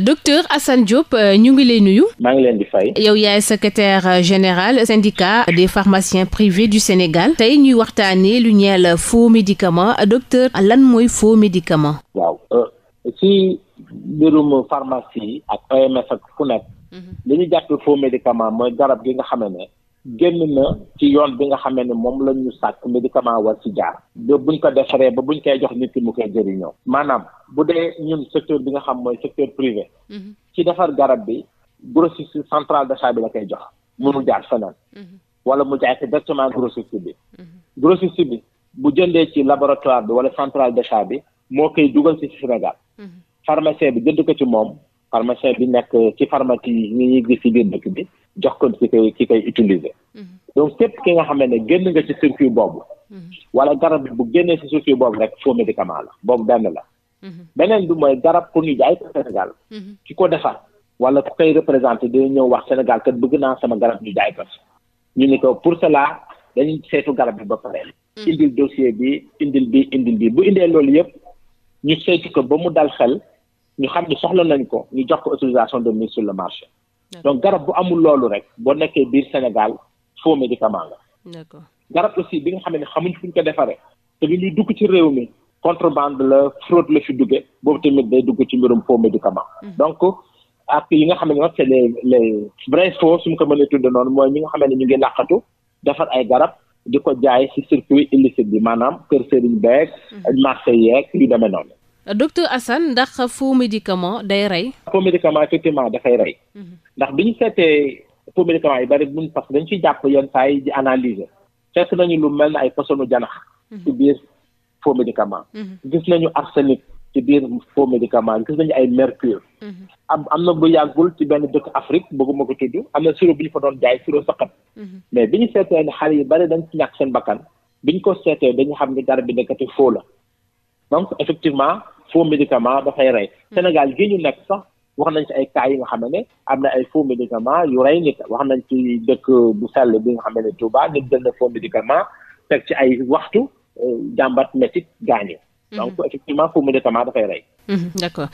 docteur Assane Diop euh, ñu ngi lay nuyu. maa ngi leen di fay. yow yaay secrétaire euh, général syndicat des pharmaciens privés du Sénégal tey ñuy waxtaanee lu ñeel faux médicament docteur lan mooy faux médicament. waaw euh, ci mbirum pharmacie ak OMS e ak fu nekk. Mhm. li ñu jàpp faux médicament mooy garab gi nga xam ne. génn na ci yoon bi nga xamee ne moom la ñu sàkk médicament war ci jaar ba buñ ko defaree ba buñ koy jox nit mu koy jëriñoo maanaam bu dee ñun secteur bi nga xam mooy secteur privé mhm. ci defar garab bi grossiste central d'achat bi la koy jox mënul jaar feneen mhm. wala mu jaay ko directement grossiste bi mhm. grossiste bi bu jëndee ci laboratoire bi wala central d'achat bi moo koy dugal ci Sénégal pharmacien bi jënd ko ci moom pharmacien bi nekk ci pharmacie yi ñuy bi jox ko ci koy ki koy utiliser mhm. donc képp ki nga xamee ne génn nga ci circuit boobu mhm. wala garab bi bu génnee ci circuit boobu rek faux médicament la boobu benn la mhm. beneen bi mooy garab pour nu jaay ko Sénégal ki ko defar wala ku koy représenté dina ñëw wax Sénégal kat bëgg naa sama garab ñu jaay ko ñu ni ko pour cela dañuy seetu garab bi ba pare indil dossier bi indil bi indil bi bu indee loolu yëpp ñu saytu ko ba mu dal xel ñu xam ne soxla nañ ko ñu jox ko de mise sur marché donc garab bu amul loolu rek boo nekkee biir Sénégal faux médicament la garab aussi bi nga xam ne xamuñ fu ñu ko defaree te bi dugg ci réew mi contrebande la fraude la fi duggee boobu tamit day dugg ci mbirum faux médicament mhm. donc ak yi nga xam ne moom c'est les les vrais faux su mu ko mënee tudde noonu mooy ñi nga xam ne ñu ngi làqatu defar ay garab di ko jaay ci circuit illicite bi maanaam kër sëriñ beeg mhm. marché yeeg yu demee noonu docteur Assane ndax faux médicament day rey. faux médicament effectivement dafay rey. ndax bi ñu seetee faux médicament yi bari mun parce que dañ ciy jàpp yenn saa yi di analyser fekk nañu lu mel ne ay posonu janax. ci biir faux médicament. gis nañu arsenic ci biir faux médicament gis nañu ay mercure. am am na bu yàggul ci benn dëkk Afrique bëgguma ko tudd am na sirop bi ñu fa doon jaay sirop saqat. mais bi ñu seetee ne xale yi bari dañ ci ñàkk seen bakkan bi faux médicament dafay rey hmm. Sénégal gi ñu nekk sax wax nañ ci ay cas yi nga xam ne am na ay faux médicament yu rey nit wax nañ ci dëkk bu sell bi nga xam ne Touba nit jël na faux médicament teg ci ay waxtu euh, jàmbat métit gaañu hmm. donc effectivement faux médicament dafay rey hmm, d'accord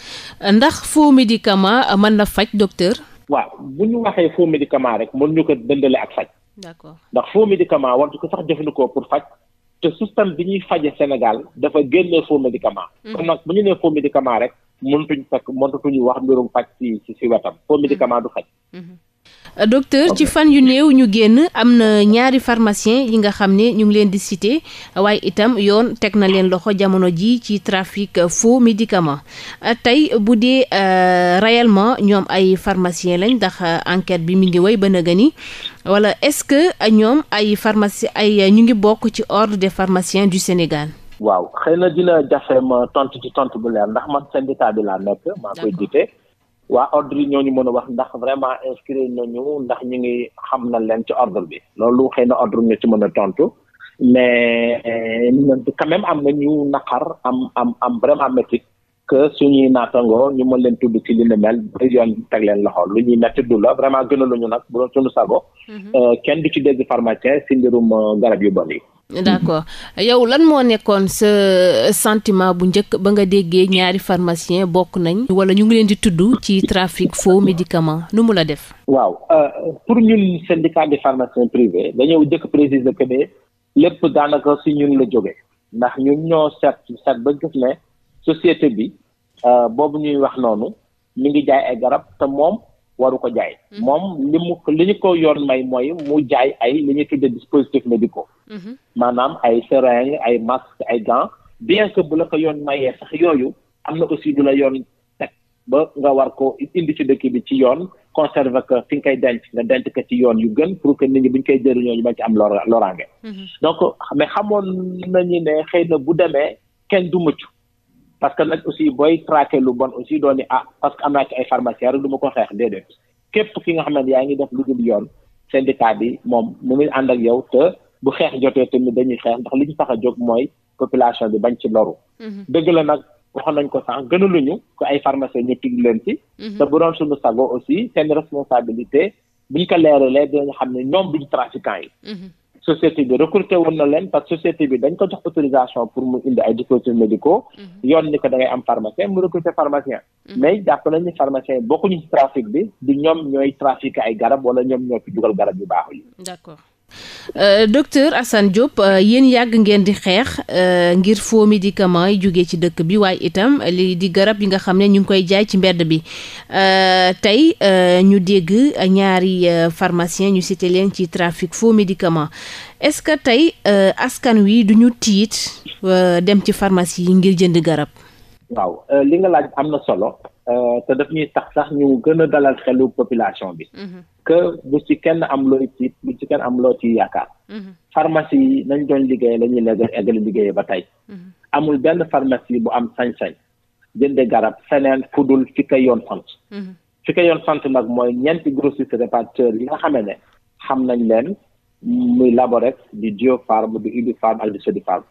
ndax faux médicament mën na faj docteur waaw bu ñu waxee faux médicament rek mën ñu ko dëndale ak faj d'accord ndax faux médicament war ko sax jëfandikoo pour faj te système bi ñuy faje Sénégal dafa génne faux médicament mm-hmm. kon nag bu ñu nee faux médicament rek mun mëntuñ fekk mëntuñu wax mbirum faj ci ci wetam faux mm-hmm. médicament du faj mm-hmm. docteur ci fan yu néew ñu génn am na ñaari pharmacien yi nga xam ne ñu ngi leen di cité waaye itam yoon teg na leen loxo jamono ji ci trafic faux médicament tey bu dee euh, réellement ñoom ay pharmacien lañ ndax euh, enquête bi mi ngi woy ba nëga wala est-ce que ñoom ay pharmacie ay ñu ngi bokk ci ordre de pharmaciens du Sénégal waaw xëy na dina jafe ma tontu ci tontu bu leer ndax man syndicat bi laa nekk maa koy jiite waa ordre ñoo ñu mën a wax ndax vraiment inscrire nañu ndax ñu ngi xam na leen ci ordre bi loolu xëy na ordre ñu ci mën a tontu mais euh, quand même am na ñu naqar am am am vraiment métti que suñuy naatangoo ñu mën leen tudd ci li ne mel ba yoon teg leen loxo lu ñuy métti du la vraiment gënaluñu nag bu doon suñu sago. Mm-hmm. Euh, kenn du ci dégg pharmacien si mbirum euh, garab yu bon yi. d'accord yow lan moo nekkoon sa sentiment bu njëkk ba nga déggee ñaari pharmacien bokk nañ wala ñu ngi leen di tudd ci trafic faux médicament nu mu la def waaw euh, pour ñun syndicat des pharmaciens privés dañoo jëkk préciser que ne lépp daanaka si ñun la jóge ndax ñun ñoo seet seet ba gis ne société bi euh, boobu ñuy wax noonu mu ngi jaay ay garab te moom waru ko jaay. Mhm. moom li mu li ñu ko yoon may mooy mu jaay ay li ñuy tuddee dispositifs médicaux. Mhm. maanaam ay seringue ay masque ay gants bien que bu la ko yoon mayee sax yooyu am na aussi du la yoon teg ba nga war ko indi ci dëkk bi ci yoon conserver ko fi nga koy denc nga denc ko ci yoon yu gën pour que nit ñi bu ñu koy jëriñoo ñu bañ ci am loraange. Mhm. donc mais xamoon nañu ne xëy na bu demee kenn du mucc. parce que nag aussi booy traqué lu bon aussi doon ni ah parce que am naa ci ay pharmaciens rek du ma ko xeex déedéet képp ki nga xamante yaa ngi def lu dul yoon syndicat bi moom mu ngi ànd ak yow te bu xeex jotee tamit dañuy xeex ndax li ñu a jóg mooy population bi bañ ci loru. Mhm. dëgg la nag waxoon nañ ko sànq gënaluñu ko ay pharmaciens ñu tig leen ci. Mhm. te bu doon suñu sago aussi seen responsabilité buñ ko leeralee dinañ xam ne ñoom duñ trafiquants yi. Mhm. société bi recruté woon na leen parce que société bi dañ ko jox autorisation pour mu indi ay dispositifs médicaux mhm. yoon ni ko da am pharmacien mu recruté pharmacien mhm. mais jàpp nañ ni pharmacien bokkuñu ci trafic bi di ñoom ñooy trafiqué ay garab wala ñoom ñoo ci dugal garab yu baaxul yi d'accord Euh, docteur Assane Diop euh, yéen yàgg ngeen di xeex euh, ngir faux médicament yi jóge ci dëkk bi waaye itam li di garab yi nga xam ne ñu ngi koy jaay ci mbedd bi euh, tey euh, ñu dégg ñaari pharmacien ñu site leen ci trafic faux médicament est-ce que tey askan wi du ñu tiit dem ci pharmacie yi ngir jënd garab. waaw li nga laaj am na solo. Euh, te daf ñuy tax sax ñu gën a dalal xelu population bi. Mm-hmm. que bu ci kenn am loo ci bu ci kenn am loo ci yaakaar. Mm-hmm. pharmacie yi nañ doon liggéey la ñuy léegi eggali liggéey ba tey. Mm-hmm. amul benn pharmacie bu am sañ-sañ jënde garab feneen fudul fi ka yoon sant. fi ka yoon sant nag mooy ñeenti grossiste répartiteur yi nga xame ne xam nañ leen muy Laborex di Diopharm di Udipharm ak di Sodipharm.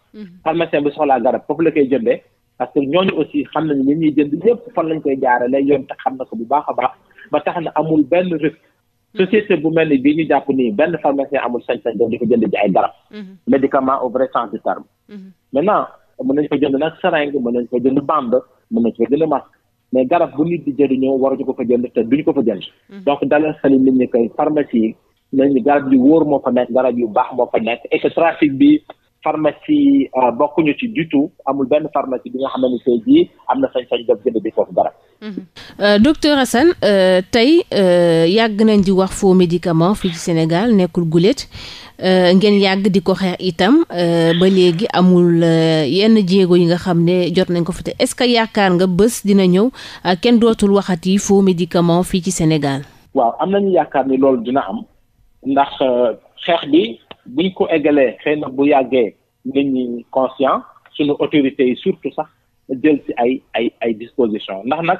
pharmacien bi soxlaa garab foofu la koy jëndee. parce que ñooñu aussi xam nañu ñun ñuy jënd yëpp fan lañ koy jaarale yoon tax xam na ko bu baax a baax ba tax na amul benn risque mm-hmm. société bu mel ni bii ñu jàpp nii benn pharmacien amul sañ-sañ daf di ko jënd ci ay garab mm-hmm. médicament au vrai sens du terme mm-hmm. maintenant mën nañ ko jënd nag seringue mën nañ ko jënd bande mën nañ ko jënd masque mais garab bu nit di jëriñoo waruñu ko fa jënd te duñu ko fa jënd donc dalal xel nit ñi koy pharmacie yi nañu garab yu wóor moo fa nekk garab yu baax moo pharmacie euh, bokkuñu ci du tout amul benn pharmacie bi nga xam ne tey jii am na sañ-sañ def jënd bi foofu garab. Mhm. Euh, docteur Assane euh, tey yàgg nañ di wax foo médicament fii ci Sénégal nekkul guléet ngeen yàgg di ko xeex itam ba léegi amul yenn jéego yi nga xam ne jot nañ ko fi te est-ce que yaakaar nga bés dina ñëw kenn dootul waxat waxati faux médicament fii ci Sénégal. waaw am nañu yaakaar ni loolu dina am ndax xeex bi. buñ ko eggalee xëy bu yàggee nit ñi conscient suñu autorités yi surtout sax jël si ay ay ay disposition ndax nag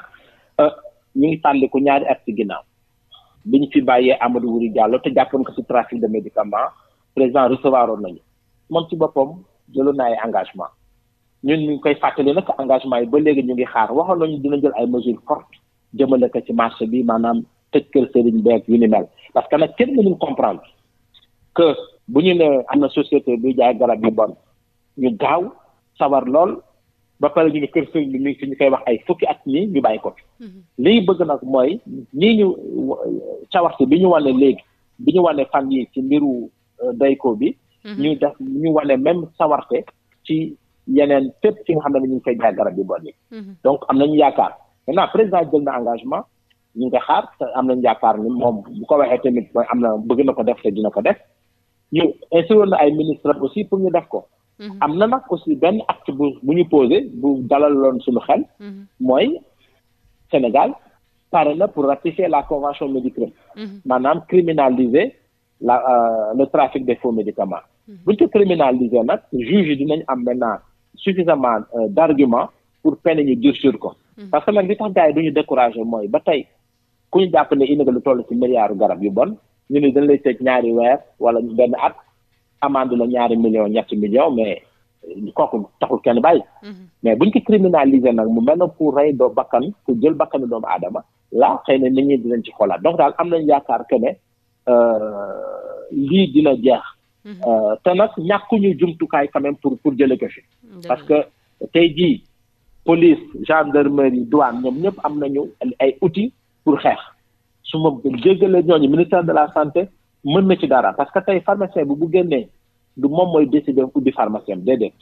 euh, ñu ngi tàndiku ñaari at ci ginnaaw biñ fi bàyyee Amadou Wuri Diallo te jàppoon ko si trafic de médicaments président recevoir oon nañu moom si boppam jëloon na ay engagement ñun ñu ngi koy fàttali nag engagement yi ba léegi ñu ngi xaar waxoon nañu dina jël ay mesures fortes jëmale ko ci marché bi maanaam tëj kër sëriñ beeg yu ni mel parce que nag kenn mënul comprendre que bu ñu nee am na société bi jaay garab yu bon ñu gaaw sawar lool ba pare ñu ne kër sëriñ bi mi ñu koy wax ay fukki at nii ñu bàyyi ko fi mm-hmm. li bëgg nag mooy nii ñu cawarte bi ñu wane léegi bi ñu wane fan yi ci mbiru euh, dayko bi mm-hmm. ñu def ñu wane même sawarte ci yeneen fépp ci nga xam ne ñu ngi koy jaay garab yu bon yi mm-hmm. donc am nañu yaakaar maintenant président jël na engagement ñu ngi xaar am nañu yaakaar ni moom bu ko waxee tamit mooy am na bëgg na ko def te dina ko def ñu instauré na ay ministre aussi pour ñu def ko. Mhm. am na nag aussi benn acte bu bu ñu posé bu dalal loon suñu xel. Mhm. mooy Sénégal pare na pour ratifier la convention Médicrime. Mhm. maanaam criminaliser la euh, le trafic des faux médicaments. bu ñu ko criminaliser nag juge yi dinañ am maintenant suffisamment euh, d' argument pour peine ñu durcir ko. parce que nag bi tax gars du ñu découragé mooy ba tey ku ñu jàpp ne indi lu toll ci milliardu garab yu bon. ñu ni dañ lay tëj ñaari weer wala benn at amende la ñaari million ñetti million mais kooku taxul kenn bàyyi mhm. mais buñ ko criminaliser nag mu mel na ku rey doo bakkan ku jël bakkanu doomu aadama la xëy na nit ñi dinañ ci xoolaat donc daal am nañ yaakaar que ne euh, lii dina jeex mhm. euh, te nag ñàkkuñu jumtukaay quand même pour pour jële ke fi parce que tey jii police gendarmerie douane ñoom ñëpp am nañu ay outils pour xeex su ma jéggalee ñooñu ministère de la santé mën na ci dara parce que tey pharmacien bi bu génnee du moom mooy décider ubbi pharmacien bi déedéet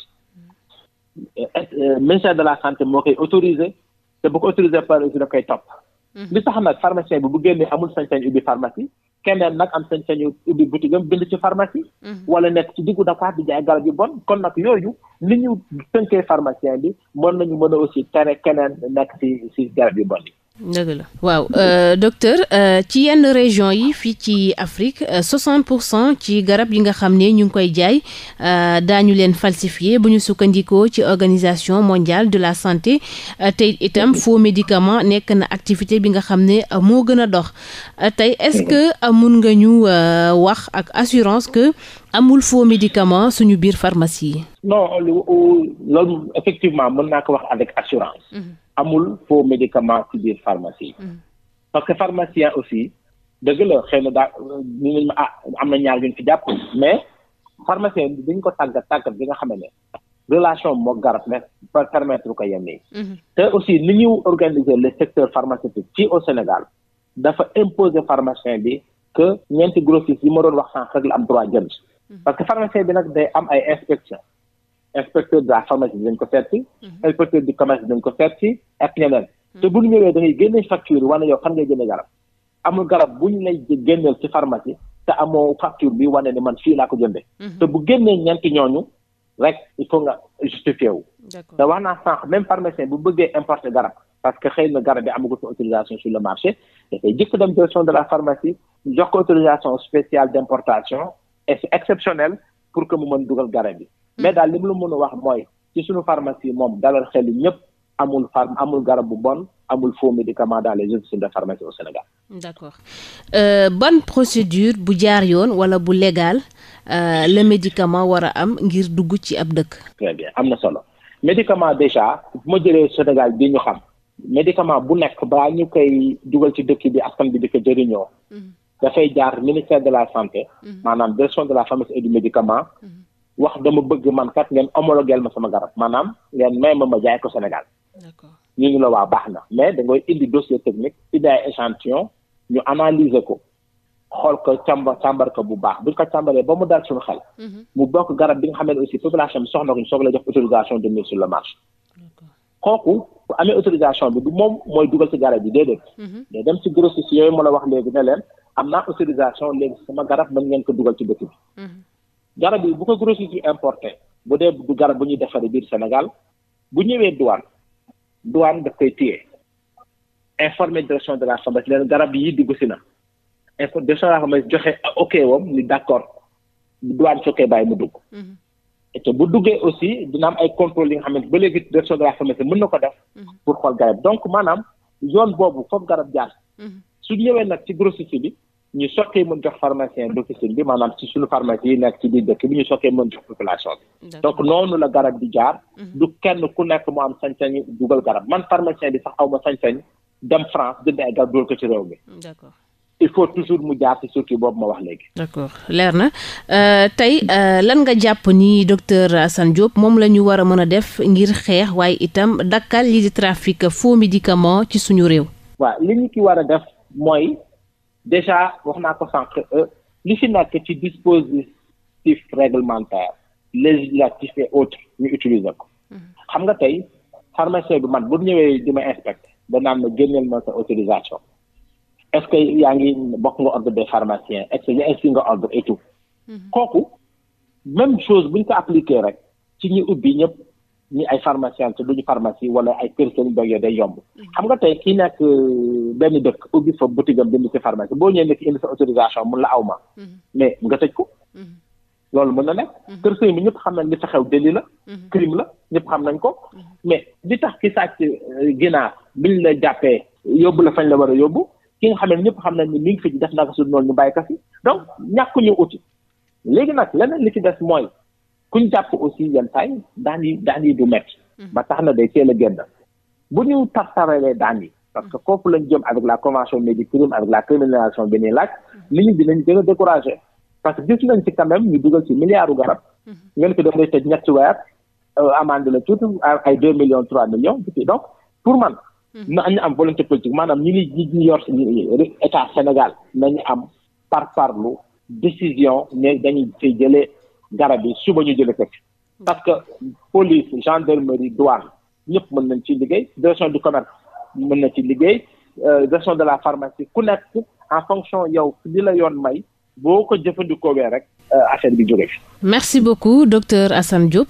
euh, ministère de la santé moo koy autorisé te bu ko autorisé par da koy topp. Mm-hmm. li tax nag pharmacien bi bu génnee amul sañ-sañ ubbi pharmacie keneen nag am sañ-sañu ubbi boutique am bind ci pharmacie. Mm-hmm. wala nekk ci diggu Dakar di jaay garab yu bon kon nag yooyu li ñu tënkee pharmacien bi mën nañu mën a aussi tere keneen nekk ci ci garab yu bon la waaw euh, docteur euh, ci yenn région yi fii ci Afrique euh, 60 ci garab yi nga xam ne ñu ngi koy jaay euh, daañu leen falsifié bu ñu sukkandikoo ci organisation mondiale de la santé euh, tey itam foo médicament nekk na activité bi nga xam ne euh, moo gën a dox tey est-ce que mun nga ñu wax ak assurance que. amul faux médicament suñu biir pharmacie yi. non loolu effectivement mën naa ko wax avec assurance. Mhm. amul faux médicament ci biir pharmacie. Mhm. parce que pharmacien aussi dëgg la xëy na daa ñu ah, am na ñaar ñu fi jàpp mais pharmacien bi dañ ko tàggat tàggat bi nga xam ne relation moo garab ne permettre ko yenn yi. Mhm. te aussi ni ñu organiser le secteur pharmaceutique ci au Sénégal dafa imposer pharmacien bi que ñeenti grossistes yi ma doon wax sànq rek la am droit jënd. Mhm. parce que pharmacien bi nag day am ay inspection inspecteur de la pharmacie dinañ ko seet si. Mhm. inspecteur du commerce dinañ ko seet si ak ñeneen. Mhm. te bu ñu ñëwee da ngay génne facture wane yow fan ngay génne garab amul garab bu ñu lay génneel ci pharmacie te amoo facture bi wane ne man fii laa ko jëndee. te bu génnee ñeenti ñooñu rek il faut nga justifié wu. te wax naa sànq même pharmacien bu bëggee importer garab parce que xëy na garab yi amagu fi autorisation sur le marché dafay jëkk la pharmacie jox ko autorisation spéciale importation. et c'est exceptionnel pour que mu mën dugal garab yi. mais mm. daal li mu la mën a wax mooy ci suñu pharmacie moom dalal xel ñëpp amul far amul garab bu bon amul faux médicament dans les officines de pharmacie au Sénégal. d'accord euh, ban procédure bu jaar yoon wala bu légal euh, le médicament war a am ngir dugg ci ab dëkk. très bien am na solo médicament déjà bu ma jëlee Sénégal bi ñu xam médicament bu nekk balaa ñu koy dugal ci dëkk bi askan bi di ko jëriñoo. Mm. dafay jaar ministère de la santé. Mhm. maanaam direction de la pharmacie et du médicament. Mhm. wax dama bëgg man kat ngeen homologuel ma sama garab maanaam ngeen may ma a jaay ko Sénégal. ñu ngi la waa baax na mais da ngay indi dossier technique indi ay échantillon ñu analyser ko xool ko càmbar càmbar bu baax buñ ko càmbaree ba mu dal suñu xel. Mhm. mu bokk garab bi nga xam ne aussi population bi soxna ko ñu soog jox autorisation de mise sur le marché. kooku bu amee autorisation bi du moom mooy dugal ci garab yi déedéet. day mhm. dem ci grossiste yooyu ma la wax léegi ne leen am naa autorisation léegi sama garab mën ngeen ko dugal ci dëkk bi. Mhm. garab yi bu ko grossiste yi importé bu dee du garab bu ñuy defaree biir Sénégal bu ñëwee douane douane daf koy téye informé direction de la pharmacie leen garab yii di si na info direction de la pharmacie joxe ok wam ni d' accord douane soog koy bàyyi mu dugg. Mhm. et que bu duggee aussi dina ay contrôle yi nga xamante ba léegi direction de la pharmacie na ko def mhm. pour xool garab donc maanaam yoon boobu foofu garab jaar mhm. su ñëwee nag ci grossiste bi ñu sokkee mën jox pharmacien d'officine bi maanaam ci suñu pharmacie yi nekk ci biir dëkk bi ñu sokkee mën jox population bi donc noonu la garab di jaar mhm. du kenn ku nekk mu am sañ-sañ dugal garab man pharmacien bi sax aw ma sañ-sañ dem France jënd ay garab dugal ko ci réew mi il faut toujours mu jaar ci circuit boobu ma wax léegi. d'accord leer na euh, tey euh, lan nga jàpp ni docteur Assane Diop moom la ñu war a mën a def ngir xeex waaye itam dakkal li di trafic faux médicament ci suñu réew. waa li ñu ki war a def mooy déjà wax naa ko sànq euh, li fi nekk ci dispositif réglementaire législatif et autres ñu utiliser ko. Mhm. xam nga tey pharmacien bi man bu ñëwee di ma inspecter danaan ma génneel ma sa autorisation. est-ce que yaa ngi bokk nga ordre des pharmaciens est-ce que nga ordre et mm-hmm. kooku même chose bu ñu ko appliqué rek ci ñi ubbi ñëpp ñi ay pharmacien te duñu pharmacie wala ay personnes doog yooyu day yomb mm-hmm. xam nga tey kii nekk euh, benn dëkk ubbi fa boutique am bind ci pharmacie boo ñëwee nekk indi sa autorisation mun la aw mm-hmm. mais nga tëj ko loolu mën na nekk kër sëñ bi ñëpp xam nañ li fa la crime xam nañ ko mais li tax ki sàcc euh, ginaar biñ la jàppee yóbbu la fañ la war a yóbbu ki nga xam ne ñëpp xam nañ ni mi ngi fi def naka su noonu ñu bàyyi ko donc ñàkk ñu uti léegi nag leneen li ci des mooy kuñ jàpp aussi yenn saay daan yi daan yi du métti mhm. ba tax na day teel a génn bu ñu tartaralee daan yi parce que mhm. foofu lañ jëm avec la convention Medicrime avec la criminalisation bi ñuy laaj mhm. nit ñi dinañ gën a découragé parce que gis nañ ci quand même ñu dugal ci milliardu garab nga ne ko dafay tëj ñetti weer euh, amende la tuuti ay deux millions trois millions donc pour man Hmm. nañu am volonté politique maanaam ñi ni ñi yor état Sénégal nañu am par parlu décision ne dañuy fi jëlee garab yi suba ñu jëlee ko hmm. parce que police gendarmerie douane ñëpp mën nañ ci liggéey direction du commerce mën na ci liggéey euh, direction de la pharmacie ku nekk en fonction yow li la yoon may boo ko jëfandikoo wee rek euh, affaire bi jógee fi. merci beaucoup docteur Assane Diop.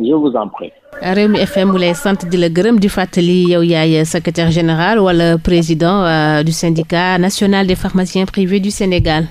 je vous en prie. Rewmi FM mu lay sant di la gërëm di fàttali yow yaay secrétaire général wala président euh, du syndicat national des pharmaciens privés du Sénégal.